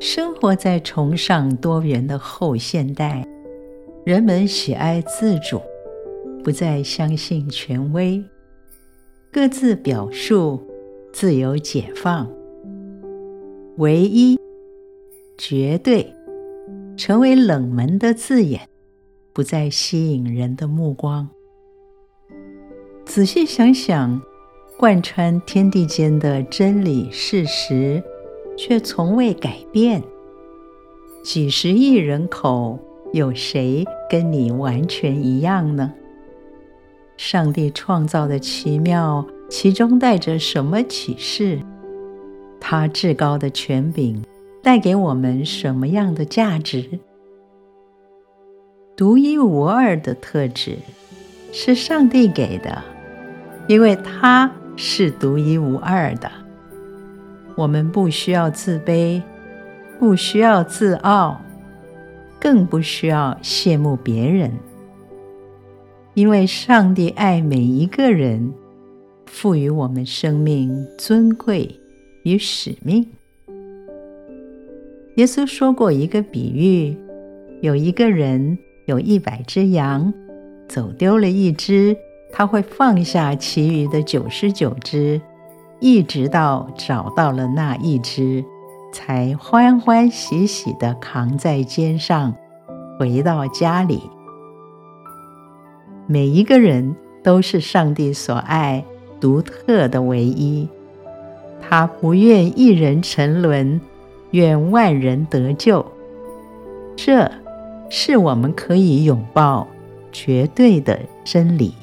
生活在崇尚多元的後現代，人們喜愛自主，不再相信權威，各自表述，自由解放。唯一、絕對，成為冷門的字眼，不再吸引人的目光。仔細想想，貫穿天地間的真理事實。卻從未改變。幾十億人口，有誰跟你完全一樣呢？上帝創造的奇妙，其中帶着什麼啟示？他至高的權柄，帶給我們什麼樣的價值？獨一無二的特質，是上帝給的，因為他是獨一無二的。我們不需要自卑，不需要自傲，更不需要羨慕別人，因為上帝愛每一個人，賦予我們生命、尊貴與使命。耶穌說過一個比喻：有一個人有一百隻羊，走丟了一隻，他會放下其餘的九十九隻。一直到找到了那一隻，才歡歡喜喜地扛在肩上回到家裡。每一個人都是上帝所愛獨特的唯一。他不願一人沉淪，願萬人得救。這是我們可以擁抱絕對的真理。